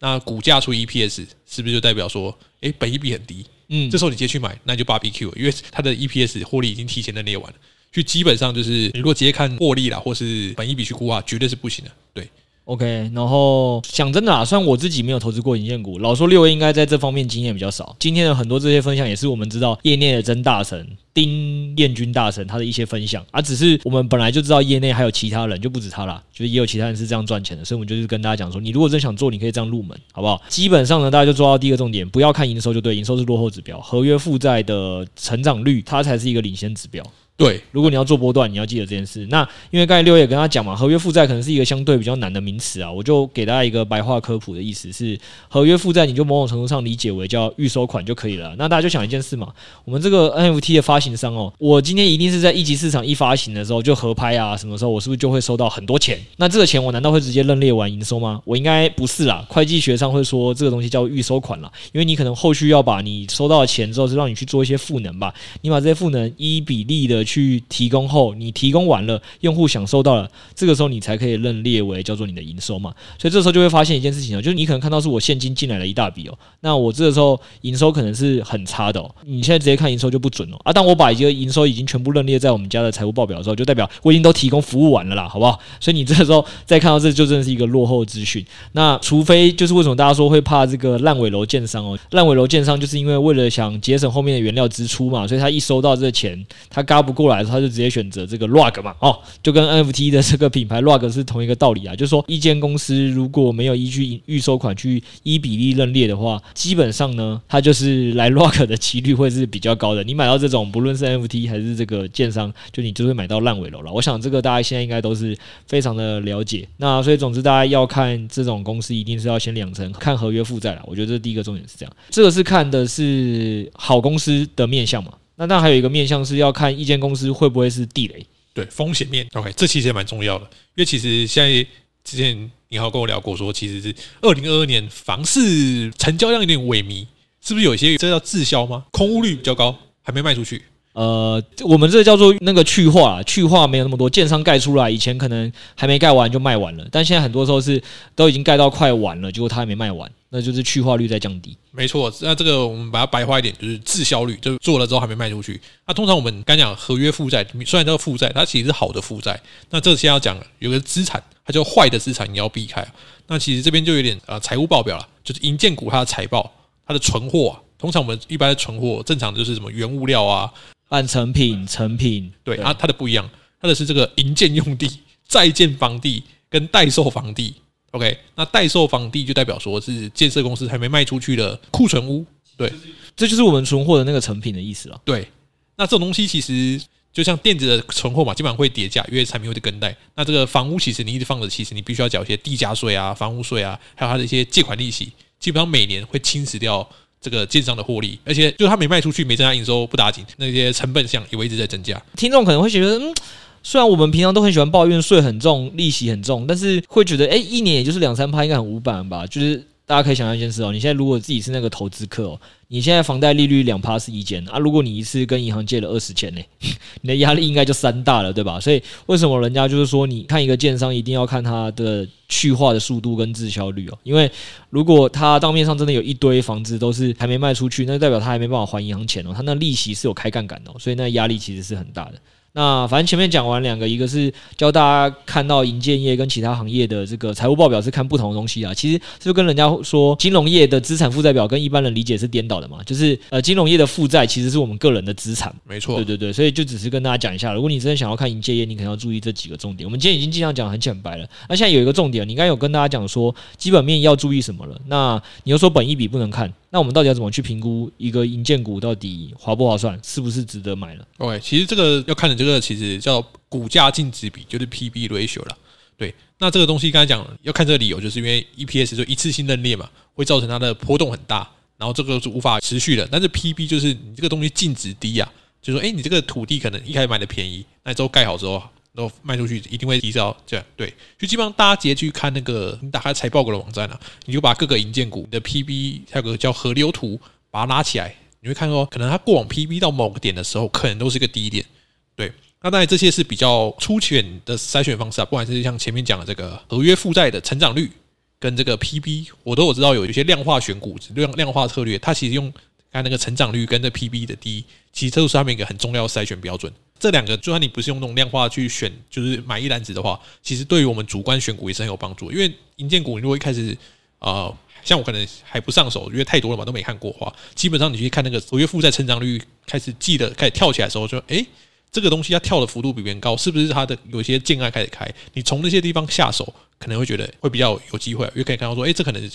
那股價除 EPS 是不是就代表說、欸，哎，本益比很低？嗯，這時候你直接去買，那就芭比 Q 了，因為它的 EPS 獲利已經提前的列完了。所以基本上就是，你如果直接看獲利啦，或是本益比去估啊，絕對是不行的。對。OK，然後講真的啊，雖然我自己沒有投資過營建股，老說六月應該在這方面經驗比較少。今天的很多這些分享，也是我們知道業內的真大神丁彥鈞大神他的一些分享啊。只是我們本來就知道業內還有其他人，就不止他啦，就是也有其他人是這樣賺錢的。所以我們就是跟大家講說，你如果真想做，你可以這樣入門，好不好？基本上呢，大家就抓到第一個重點，不要看營收就對，營收是落後指標，合約負債的成長率它才是一個領先指標。對，如果你要做波段，你要記得這件事。那因為剛才六也跟他講嘛，合約負債可能是一個相對比較難的名詞啊，我就給大家一個白話科普的意思是，合約負債你就某種程度上理解為叫預收款就可以了。那大家就想一件事嘛，我們這個 NFT 的發行商哦，我今天一定是在一級市場一發行的時候就合拍啊，什麼時候我是不是就會收到很多錢？那這個錢我難道會直接認列完營收嗎？我應該不是啦，會計學上會說這個東西叫預收款啦，因為你可能後續要把你收到的錢之後是讓你去做一些賦能吧，你把這些賦能一比例的。去提供後，你提供完了，用戶享受到了，這個時候你才可以認列為叫做你的營收嘛。所以這時候就會發現一件事情，就是你可能看到是我現金進來了一大筆哦，那我這個時候營收可能是很差的哦。你現在直接看營收就不準了哦，啊。當我把一個營收已經全部認列在我們家的財務報表的時候，就代表我已經都提供服務完了啦，好不好？所以你這個時候再看到這就真的是一個落後資訊。那除非就是為什麼大家說會怕這個爛尾樓建商哦，爛尾樓建商就是因為為了想節省後面的原料支出嘛，所以他一收到這個錢，他嘎不。過來，他就直接選擇這個 rug 嘛，哦，就跟 NFT 的這個品牌 rug 是同一個道理啊，就是說，一間公司如果沒有依據預收款去依比例認列的話，基本上呢，它就是來 rug 的幾率會是比較高的。你買到這種，不論是 NFT 還是這個建商，就你就會買到爛尾樓了。我想這個大家現在應該都是非常的了解。那所以，總之大家要看這種公司，一定是要先兩層看合約負債了。我覺得這第一個重點是這樣。這個是看的是好公司的面向嘛。那那還有一個面向是要看一間公司會不會是地雷，對風險面。OK，這其實也蠻重要的，因為其實現在之前你好跟我聊過，說其實是二零二二年房市成交量有點萎靡，是不是有一些這叫滯銷嗎？空屋率比較高，還沒賣出去。呃，我們這叫做那個去化，去化沒有那麼多，建商蓋出來，以前可能還沒蓋完就賣完了，但現在很多時候是都已經蓋到快完了，結果它還沒賣完，那就是去化率在降低。沒錯，那這個我們把它白話一點，就是滯銷率，就是做了之後還沒賣出去。那通常我們剛講合約負債，雖然叫負債，它其實是好的負債。那這先要講有個資產，它叫壞的資產，你要避開。那其實這邊就有點啊，財務報表了，就是營建股它的財報，它的存貨，啊，通常我們一般的存貨正常就是什麼原物料啊。半成品、嗯、成品對，對啊，它的不一樣，它的是這個營建用地、在建房地跟待售房地。OK，那待售房地就代表說是建設公司還沒賣出去的庫存屋。對，這就是我們存貨的那個成品的意思了。對，那這種東西其實就像電子的存貨嘛，基本上會跌價，因為產品會跟代。那這個房屋其實你一直放着，其實你必須要繳一些地價稅啊、房屋稅啊，還有它的一些借款利息，基本上每年會侵蝕掉這個建商的獲利，而且就是他沒賣出去，沒增加營收不打緊，那些成本項也一直在增加。聽眾可能會覺得，嗯，雖然我們平常都很喜歡抱怨稅很重、利息很重，但是會覺得、欸，誒一年也就是兩三趴，應該很無版吧？就是大家可以想一件事哦、喔，你現在如果自己是那個投資客。哦。你現在房貸利率兩趴是一間，啊，如果你一次跟銀行借了二十千呢、欸，你的壓力應該就三大了，對吧？所以為什麼人家就是說，你看一個建商一定要看他的去化的速度跟滯銷率哦，因為如果他帳面上真的有一堆房子都是還沒賣出去，那代表他還沒辦法還銀行錢哦，他那利息是有開槓桿哦，所以那壓力其實是很大的。那、啊、反正前面講完兩個，一個是教大家看到營建業跟其他行業的這個財務報表是看不同的東西啊。其實就跟人家說，金融業的資產負債表跟一般人理解是顛倒的嘛。就是呃，金融業的負債其實是我們個人的資產，沒錯。對對對，所以就只是跟大家講一下，如果你真的想要看營建業，你可能要注意這幾個重點。我們今天已經儘量講得很淺白了。那、啊、現在有一個重點，你剛有跟大家講說基本面要注意什麼了。那你又說本益比不能看。那我們到底要怎麼去評估一個營建股到底划不划算，是不是值得買了？對、okay，其實這個要看的這個其實叫股價淨值比，就是 P B ratio 了。對，那這個東西剛才講要看這個理由，就是因為 E P S 就一次性認列嘛，會造成它的波動很大，然後這個是無法持續的。但是 P B 就是你這個東西淨值低呀、啊，就說誒、欸、你這個土地可能一開始買的便宜，那之後蓋好之後。都賣出去，一定會提早。這樣對，就基本上大家直接去看那個，你打開財報狗的網站啊，你就把各個營建股的 PB，它有個叫河流圖，把它拉起來，你會看到，可能它過往 PB 到某個點的時候，可能都是一個低點。對，那當然這些是比較粗淺的篩選方式啊，不管是像前面講的這個合約負債的成長率跟這個 PB，我都有知道有有一些量化選股量量化策略，它其實用。看那個成長率跟那 PB 的低，其實都是他們一個很重要的篩選標準。這兩個，就算你不是用那種量化去選，就是買一籃子的話，其實對於我們主觀選股也是很有幫助。因為營建股，你如果一開始啊、呃，像我可能還不上手，因為太多了嘛，都沒看過。基本上你去看那個，我覺負債成長率開始記得開始跳起來的時候，就哎、欸，這個東西要跳的幅度比別人高，是不是它的有些建案開始開？你從那些地方下手，可能會覺得會比較有機會，又可以看到說，哎，這可能。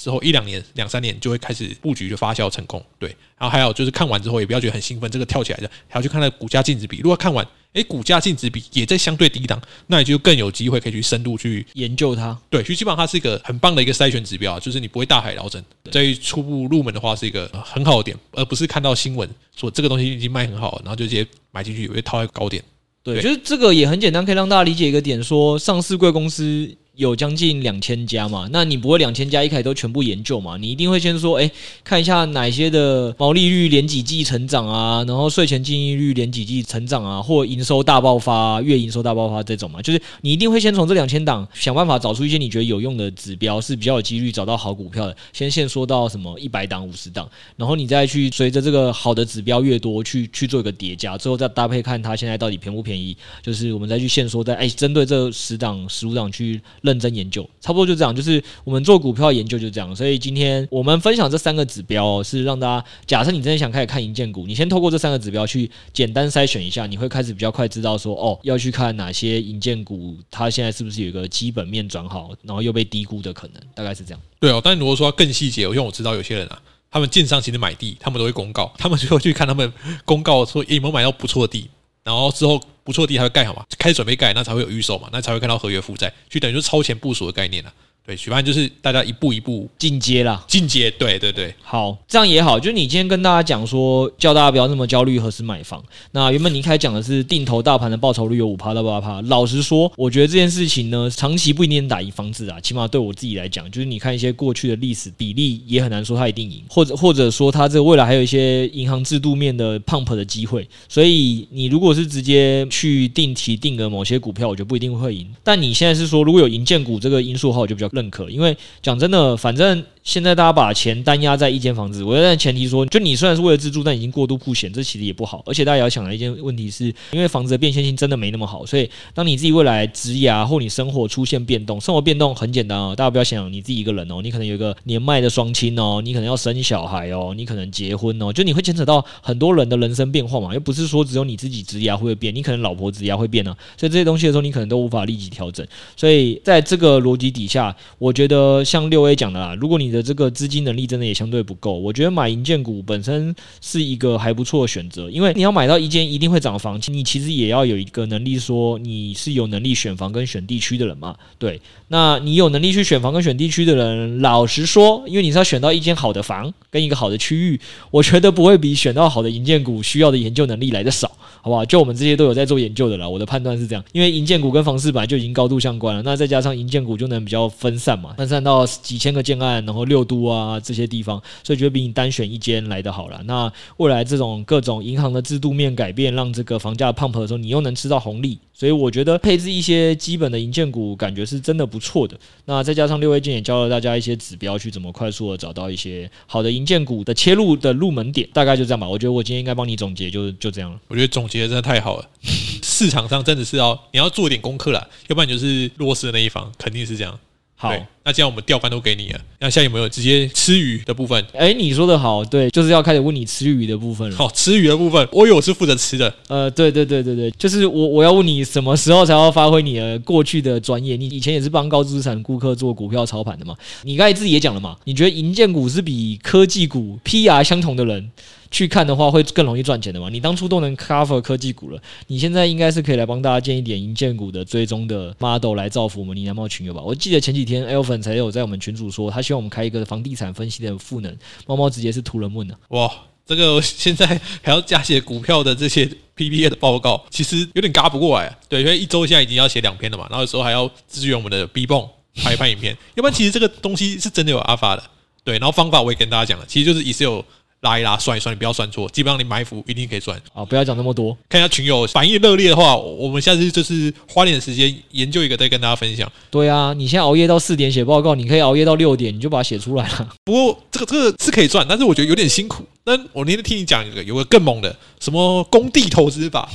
之後一兩年、兩三年就會開始布局，就發酵成功。對，然後還有就是看完之後也不要覺得很興奮，這個跳起來的，還要去看它股價淨值比。如果看完，哎，股價淨值比也在相對低檔，那你就更有機會可以去深度去研究它。對，其實基本上它是一個很棒的一個篩選指標，就是你不會大海撈針。所以初步入門的話是一個很好的點，而不是看到新聞說這個東西已經賣很好，然後就直接買進去，也會套在高點。對，對，就是這個也很簡單，可以讓大家理解一個點：說上市櫃公司，有將近兩千家嘛？那你不會兩千家一開始都全部研究嘛？你一定會先說，哎、欸，看一下哪些的毛利率連幾季成長啊，然後稅前淨利率連幾季成長啊，或營收大爆發、啊、月營收大爆發這種嘛？就是你一定會先從這兩千檔想辦法找出一些你覺得有用的指標，是比較有幾率找到好股票的。先限縮到什麼一百檔、五十檔，然後你再去隨着這個好的指標越多去，去去做一個疊加，最後再搭配看它現在到底便不便宜。就是我們再去限縮，再哎針對這十檔、十五檔去。認真研究，差不多就這樣，就是我們做股票的研究就這樣。所以今天我們分享這三個指標，哦，是讓大家假設你真的想開始看營建股，你先透過這三個指標去簡單篩選一下，你會開始比較快知道說，哦，要去看哪些營建股，它現在是不是有一個基本面轉好，然後又被低估的可能，大概是這樣。對哦，但如果說更細節，因為我知道有些人啊，他們建商其實買地，他們都會公告，他們就會去看他們公告說有沒有買到不錯的地。然後之後不錯的地還會蓋好嘛，開始準備蓋，那才會有預售嘛，那才會看到合約負債，就等於說超前部署的概念吶、啊。對，許盼就是大家一步一步進階啦，進階，對對對，好，這樣也好。就是你今天跟大家講說，叫大家不要那麼焦慮何時買房。那原本你一開始講的是定投大盤的報酬率有五趴到八趴。老實說，我覺得這件事情呢，長期不一定能打贏房子啊。起碼對我自己來講，就是你看一些過去的歷史比例，也很難說它一定贏，或者或者說它這未來還有一些銀行制度面的 pump 的機會。所以你如果是直接去定期定額某些股票，我覺得不一定會贏。但你現在是說，如果有營建股這個因素的話，我就比較認可，因為講真的，反正。現在大家把錢單押在一間房子，我覺得前提說，就你雖然是為了自住，但已經過度曝險，這其實也不好。而且大家也要想到一件問題，是因為房子的變現性真的沒那麼好，所以當你自己未來職涯或你生活出現變動，生活變動很簡單哦、喔，大家不要想，想你自己一個人哦、喔，你可能有一個年邁的雙親哦，你可能要生小孩哦、喔，你可能結婚哦、喔，就你會牽扯到很多人的人生變化嘛，又不是說只有你自己職涯會，會變，你可能老婆職涯會變呢、啊，所以這些東西的時候，你可能都無法立即調整。所以在這個邏輯底下，我覺得像六 A 講的啦，如果你你的這個資金能力真的也相對不夠，我覺得買營建股本身是一個還不錯的選擇，因為你要買到一間一定會漲房，你其實也要有一個能力，說你是有能力選房跟選地區的人嘛？對，那你有能力去選房跟選地區的人，老實說，因為你是要選到一間好的房跟一個好的區域，我覺得不會比選到好的營建股需要的研究能力來得少，好不好？就我們這些都有在做研究的了，我的判斷是這樣，因為營建股跟房市本來就已經高度相關了，那再加上營建股就能比較分散嘛，分散到幾千個建案，然後。六都啊，這些地方，所以覺得比你單選一間來的好了。那未來這種各種銀行的制度面改變，讓這個房價 pump 的時候，你又能吃到紅利。所以我覺得配置一些基本的營建股，感覺是真的不錯的。那再加上六位建也教了大家一些指標，去怎麼快速的找到一些好的營建股的切入的入門點，大概就這樣吧。我覺得我今天應該幫你總結就，就就這樣了。我覺得總結的真的太好了， 市場上真的是要、哦、你要做一點功課啦，要不然就是弱勢的那一方，肯定是這樣。好對，那這樣我們釣竿都給你了。那現在有沒有直接吃魚的部分？哎、欸，你說的好，對，就是要開始問你吃魚的部分了。好，吃魚的部分，我有是負責吃的。呃，對對對對對，就是我我要問你什麼時候才要發揮你的過去的專業？你以前也是幫高資產顧客做股票操盤的嘛？你剛才自己也講了嘛？你覺得營建股是比科技股 PR 相同的人？去看的話會更容易賺錢的嘛？你當初都能 cover 科技股了，你現在應該是可以來幫大家建一點營建股的追蹤的 model 來造福我們呢喃貓貓群友吧。我記得前幾天 Elvin 才有在我們群組說，他希望我們開一個房地產分析的賦能貓貓，直接是圖問了們的。哇，這個現在還要加寫股票的這些 P P A 的報告，其實有點嘎不過來啊。對，因為一周現在已經要寫兩篇了嘛，然後有時候還要支援我們的 B 泵拍一拍影片，要不然其實這個東西是真的有 alpha 的。對，然後方法我也跟大家講了，其實就是也是有。拉一拉，算一算，你不要算錯，基本上你埋伏一定可以賺啊！不要講那麼多，看一下群友反應熱烈的話，我們下次就是花點時間研究一個再跟大家分享。對啊，你現在熬夜到四點寫報告，你可以熬夜到六點，你就把它寫出來了。不過這個這個是可以賺，但是我覺得有點辛苦。那我那天聽你講一個，有個更猛的，什麼工地投資法？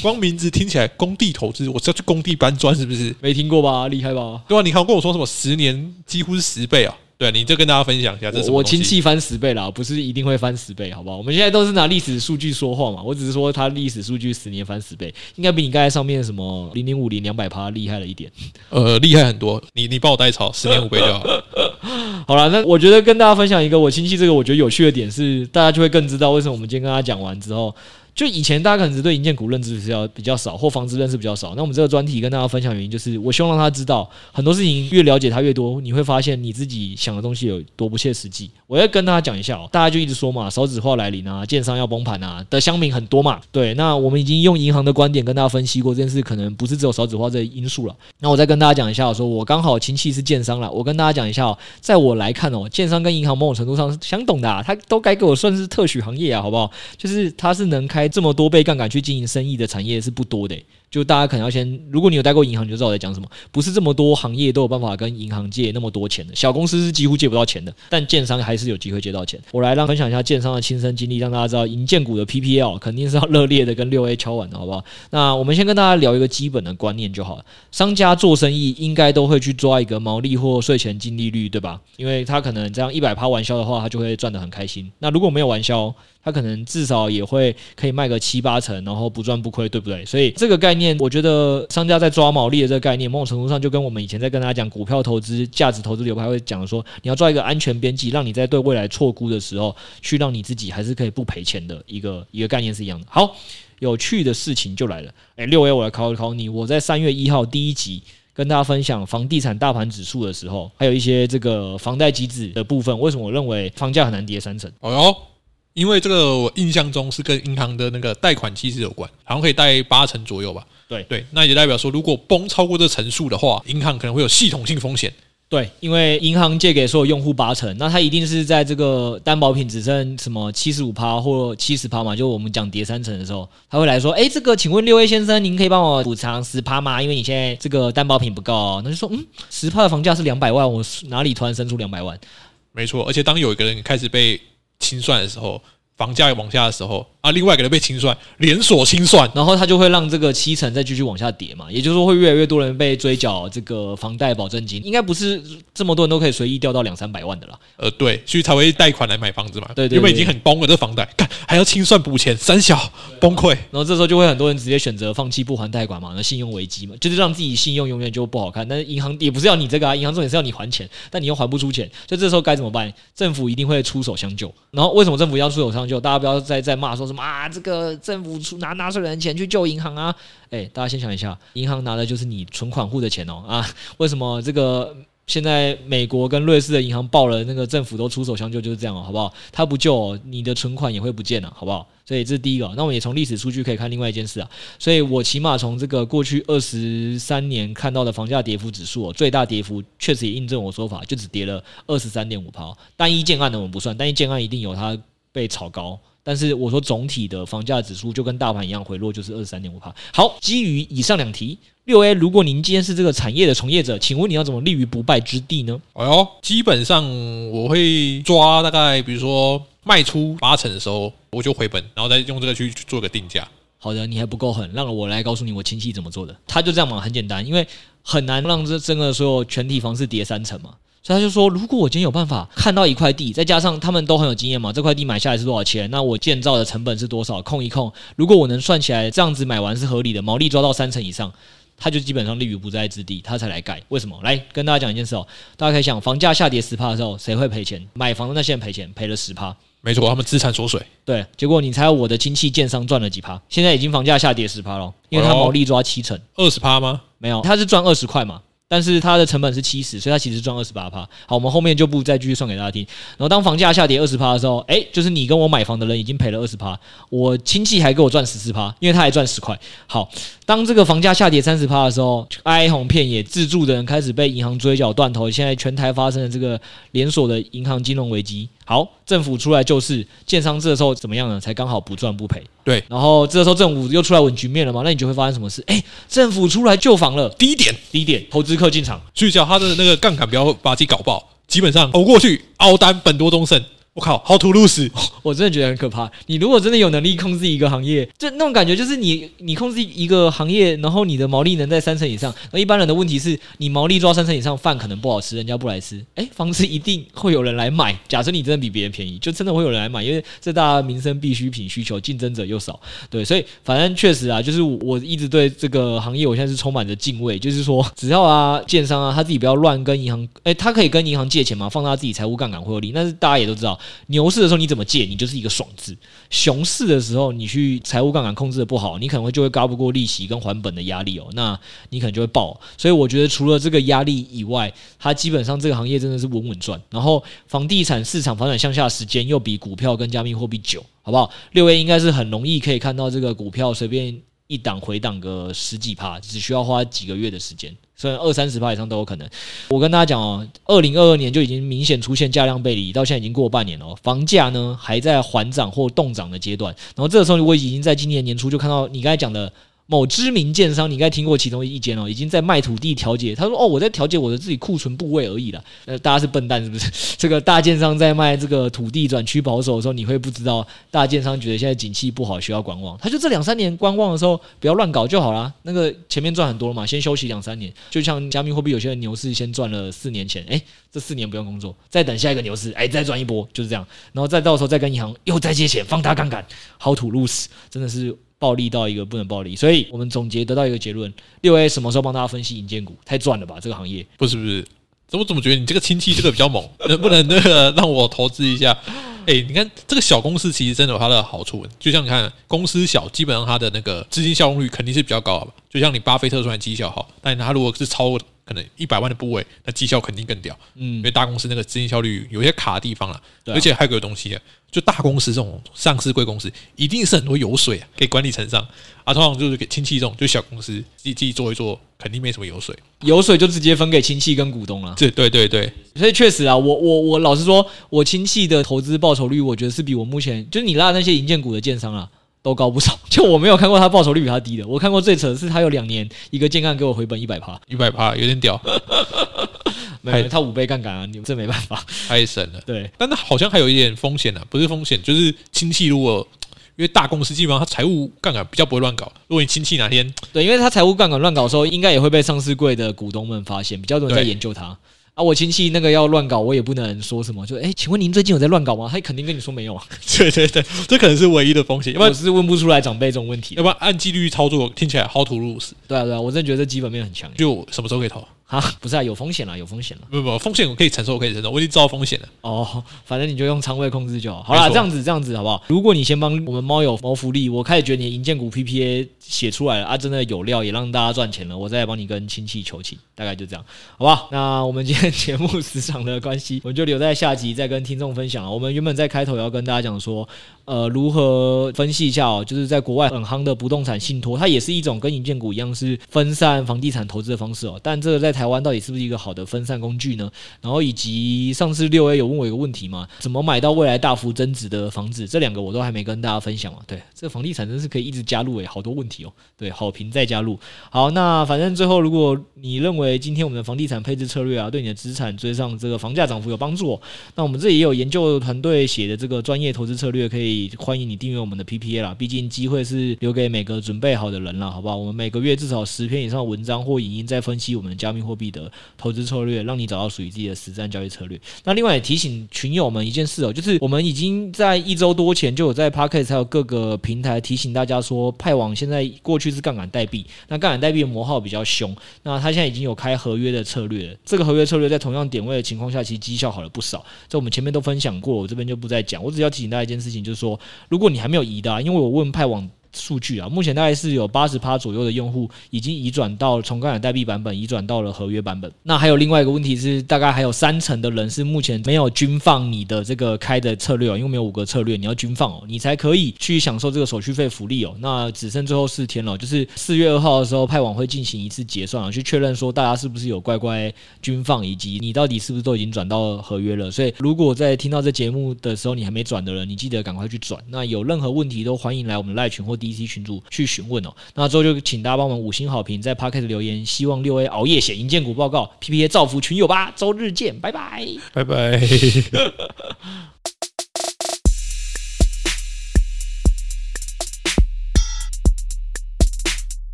光名字聽起來工地投資，我是要去工地搬磚，是不是？沒聽過吧？厲害吧？對吧、啊？你看我跟我說什麼，十年幾乎是十倍啊！對，你就跟大家分享一下這是我親戚翻十倍了，不是一定會翻十倍，好不好？我們現在都是拿歷史數據說話嘛。我只是說他歷史數據十年翻十倍，應該比你剛才上面什麼零零五零兩百趴厲害了一點。呃，厲害很多。你你幫我代操十年五倍就好了 好啦，那我覺得跟大家分享一個我親戚這個我覺得有趣的點是，大家就會更知道為什麼我們今天跟他講完之後。就以前大家可能只對營建股認知比較比較少，或房子認識比較少。那我們這個專題跟大家分享的原因，就是我希望讓他知道，很多事情越了解他越多，你會發現你自己想的東西有多不切實際。我要跟大家講一下哦，大家就一直說嘛，少子化來臨啊，建商要崩盤啊的鄉民很多嘛。對，那我們已經用銀行的觀點跟大家分析過，這件事可能不是只有少子化這因素了。那我再跟大家講一下，說我剛好親戚是建商啦，我跟大家講一下哦，在我來看哦，建商跟銀行某種程度上是相同的、啊，他都該給我算是特許行業啊，好不好？就是他是能開。這麼多倍槓桿去經營生意的產業是不多的欸。就大家可能要先，如果你有待過銀行，你就知道我在講什麼。不是這麼多行業都有辦法跟銀行借那麼多錢的，小公司是幾乎借不到錢的。但建商還是有機會借到錢。我來讓分享一下建商的親身經歷，讓大家知道營建股的 PPL 肯定是要熱烈的跟六 A 敲完的好不好？那我們先跟大家聊一個基本的觀念就好了。商家做生意應該都會去抓一個毛利或稅前淨利率，對吧？因為他可能這樣一百趴完銷的話，他就會賺得很開心。那如果沒有完銷，他可能至少也會可以賣個七八成，然後不賺不虧，對不對？所以這個概念。我覺得商家在抓毛利的這個概念，某種程度上就跟我們以前在跟大家講股票投資、價值投資流派還會講說，你要做一個安全邊際，讓你在對未來錯估的時候，去讓你自己還是可以不賠錢的一個一個概念是一樣的。好，有趣的事情就來了。哎，六 A，我來考一考你。我在三月一號第一集跟大家分享房地產大盤指數的時候，還有一些這個房貸機制的部分，為什麼我認為房價很難跌三成？哦喲，因為這個我印象中是跟銀行的那個貸款機制有關，好像可以貸八成左右吧。對對，那也代表說，如果崩超過這成數的話，銀行可能會有系統性風險。對，因為銀行借給所有用戶八成，那他一定是在這個擔保品只剩什麼七十五趴或七十趴嘛？就我們講跌三成的時候，他會來說：“哎、欸，這個，請問六位先生，您可以幫我補償十趴嗎？因為你現在這個擔保品不夠、哦。”那就說：“嗯，十趴的房價是兩百萬，我哪裡突然生出兩百萬？”沒錯，而且當有一個人開始被清算的時候。房價往下的時候啊，另外給它被清算，連鎖清算，然後他就會讓這個七成再繼續往下跌嘛，也就是說會越來越多人被追繳這個房貸保證金，應該不是這麼多人都可以隨意掉到兩三百萬的啦。呃，對，所以才會貸款來買房子嘛，對對。因為已經很崩了，這房貸，幹還要清算補錢，三小、啊、崩潰，然後這時候就會很多人直接選擇放棄不還貸款嘛，那信用危機嘛，就是讓自己信用永遠就不好看。但是銀行也不是要你這個、啊，銀行重點是要你還錢，但你又還不出錢，所以這時候該怎麼辦？政府一定會出手相救。然後為什麼政府要出手相？就大家不要再再罵說什麼啊，這個政府拿拿出拿納稅人的錢去救銀行啊。誒，大家先想一下，銀行拿的就是你存款戶的錢哦啊！為什麼這個現在美國跟瑞士的銀行爆了，那個政府都出手相救，就是這樣哦，好不好？他不救，你的存款也會不見了，好不好？所以這是第一個。那我們也從歷史數據可以看另外一件事啊，所以我起碼從這個過去二十三年看到的房價跌幅指數，最大跌幅確實也印證我說法，就只跌了二十三點五趴。單一建案的我們不算，單一建案一定有它，被炒高，但是我說總體的房價指數就跟大盤一樣回落，就是二十三點五趴。好，基於以上兩題，六 A，如果您今天是這個產業的從業者，請問你要怎麼立於不敗之地呢？哦、哎，基本上我會抓大概，比如說賣出八成的時候，我就回本，然後再用這個去做個定價。好的，你還不夠狠，讓我來告訴你我親戚怎麼做的，他就這樣嘛，很簡單，因為很難讓這個時候全體房市跌三成嘛。所以他就說，如果我今天有辦法看到一塊地，再加上他們都很有經驗嘛，這塊地買下來是多少錢？那我建造的成本是多少？控一控，如果我能算起來，這樣子買完是合理的，毛利抓到三成以上，他就基本上立於不敗之地，他才來蓋。為什麼？來跟大家講一件事哦，大家可以想，房價下跌十趴的時候，誰會賠錢？買房的那些人賠錢，賠了十趴。沒錯，他們資產縮水。對，結果你猜我的親戚建商賺了幾趴？現在已經房價下跌十趴了，因為他毛利抓七成，二十趴嗎？沒有，他是賺二十塊嘛。但是它的成本是七十，所以它其實賺二十八趴。好，我們後面就不再繼續算給大家聽。然後當房價下跌二十趴的時候，誒、欸，就是你跟我買房的人已經賠了二十趴，我親戚還給我賺十四趴，因為他還賺十塊。好，當這個房價下跌三十趴的時候，哀鴻遍野，自住的人開始被銀行追繳斷頭。現在全台發生了這個連鎖的銀行金融危機。好，政府出來救市，建商這時候怎麼樣呢？才剛好不賺不賠。對，然後這時候政府又出來穩局面了嘛，那你就會發生什麼事？哎、欸，政府出來救房了，低點，低點，投資客進場，去以叫他的那個槓桿不要把自己搞爆，基本上熬過去，凹單本多終勝。我靠，好土露死！我真的覺得很可怕。你如果真的有能力控制一個行業，就那種感覺，就是你你控制一個行業，然後你的毛利能在三成以上。而一般人的問題是，你毛利抓三成以上，飯可能不好吃，人家不來吃。誒，房子一定會有人來買。假設你真的比別人便宜，就真的會有人來買，因為這大家民生必需品需求，競爭者又少，對，所以反正確實啊，就是我一直對這個行業，我現在是充滿着敬畏。就是說，只要啊，建商啊，他自己不要亂跟銀行，誒，他可以跟銀行借錢嘛，放大自己財務槓桿獲利，但是大家也都知道。牛市的時候你怎麼借，你就是一個爽字；熊市的時候你去財務槓桿控制的不好，你可能就會扛不過利息跟還本的壓力哦、喔，那你可能就會爆。所以我覺得除了這個壓力以外，它基本上這個行業真的是穩穩賺。然後房地產市場反轉向下的時間又比股票跟加密貨幣久，好不好？六月應該是很容易可以看到這個股票隨便一檔回檔個十幾趴，只需要花幾個月的時間。所以二三十趴以上都有可能。我跟大家講哦，二零二二年就已經明顯出現價量背離，到現在已經過半年了，房價呢還在緩漲或動漲的階段。然後這個時候，我已經在今年年初就看到你剛才講的。某知名建商，你應該聽過其中一間哦，已經在賣土地調節。他說：“哦，我在調節我的自己庫存部位而已了。”呃，大家是笨蛋是不是？這個大建商在賣這個土地轉趨保守的時候，你會不知道？大建商覺得現在景氣不好，需要觀望。他就這兩三年觀望的時候，不要亂搞就好啦。那個前面賺很多了嘛，先休息兩三年。就像加密貨幣，有些人牛市先賺了四年錢，誒、欸、這四年不用工作，再等下一個牛市，誒、欸、再賺一波，就是這樣。然後再到時候再跟銀行又再借錢放大槓桿，豪賭入死，真的是。暴利到一個不能暴利，所以我們總結得到一個結論：六 A 什麼時候幫大家分析營建股？太賺了吧！這個行業不是，不是？我怎麼覺得你這個親戚這個比較猛？能不能那個讓我投資一下？哎，你看這個小公司其實真的有它的好處，就像你看公司小，基本上它的那個資金效率肯定是比較高吧？就像你巴菲特說的績效好，但他如果是超。可能一百萬的部位，那績效肯定更屌。嗯，因為大公司那個資金效率有些卡的地方了，對、啊。而且還有個東西、啊，就大公司這種上市貴公司，一定是很多油水啊，給管理層上啊，通常就是給親戚這種。就小公司自己自己做一做，肯定沒什麼油水，油水就直接分給親戚跟股東了。對對對。所以確實啊，我我我老實說，我親戚的投資報酬率，我覺得是比我目前就是你拉那些營建股的建商啊，都高不少，就我沒有看過他報酬率比他低的。我看過最扯的是，他有兩年一個健康給我回本一百趴，一百趴有點屌 沒有，他五倍槓桿啊，你這沒辦法，太神了。對，但他好像還有一點風險啊，不是風險，就是親戚。如果因為大公司基本上他財務槓桿比較不會亂搞，如果你親戚哪天對，因為他財務槓桿亂搞的時候，應該也會被上市櫃的股東們發現，比較多人在研究他。啊，我親戚那個要亂搞，我也不能說什麼就。就、欸、哎，請問您最近有在亂搞嗎？他肯定跟你說沒有啊。 對對對，這可能是唯一的風險，因為我是問不出來長輩這種問題。要不然按紀律操作，聽起來 how to lose。對啊對啊，我真的覺得這基本面很強。就什麼時候可以投？啊，不是啊，有風險了，有風險了。不，不不，風險我可以承受，我可以承受。我已經知道風險了。哦，反正你就用倉位控制就好，好啦。這樣子，這樣子，好不好？如果你先幫我們貓友謀福利，我開始覺得你營建股 PPA 寫出來了啊，真的有料，也讓大家賺錢了。我再幫你跟親戚求情，大概就這樣，好不好？那我們今天節目時長的關係，我們就留在下集再跟聽眾分享。我們原本在開頭也要跟大家講說，呃，如何分析一下哦，就是在國外很夯的不動產信托，它也是一種跟營建股一樣是分散房地產投資的方式哦，但這個在。台灣到底是不是一個好的分散工具呢？然後以及上次六 A 有問我一個問題嘛，怎麼買到未來大幅增值的房子？這兩個我都還沒跟大家分享嘛。對，這房地產真是可以一直加入誒，好多問題哦。對，好評再加入。好，那反正最後，如果你認為今天我們的房地產配置策略啊，對你的資產追上這個房價漲幅有幫助哦，那我們這裡也有研究團隊寫的這個專業投資策略，可以歡迎你訂閱我們的 PPA 啦。畢竟機會是留給每個準備好的人了，好不好？我們每個月至少十篇以上的文章或影音，再分析我們的嘉賓。貨幣的投資策略，讓你找到屬於自己的實戰交易策略。那另外也提醒群友們一件事哦，就是我們已經在一周多前就有在 Parkets 還有各個平台提醒大家說，派網現在過去是槓桿代幣，那槓桿代幣的磨耗比較凶，那它現在已經有開合約的策略了。這個合約策略在同樣點位的情況下，其實績效好了不少。這我們前面都分享過，我這邊就不再講。我只要提醒大家一件事情，就是說，如果你還沒有移的，因為我問派網。數據啊，目前大概是有八十趴左右的用戶已經移轉到從槓桿代幣版本移轉到了合約版本。那還有另外一個問題是，大概還有三成的人是目前沒有均放你的這個開的策略哦，因為沒有五個策略，你要均放哦，你才可以去享受這個手續費福利哦。那只剩最後四天了，就是四月二號的時候，派網會進行一次結算啊，去確認說大家是不是有乖乖均放，以及你到底是不是都已經轉到合約了。所以如果在聽到這節目的時候你還沒轉的人，你記得趕快去轉。那有任何問題都歡迎來我們賴群或 e 滴群主去詢問哦，那之後就請大家幫忙五星好評，在 Podcast 留言。希望六 A 熬夜寫營建股報告，P P A 造福群友吧。週日見，拜拜，拜拜。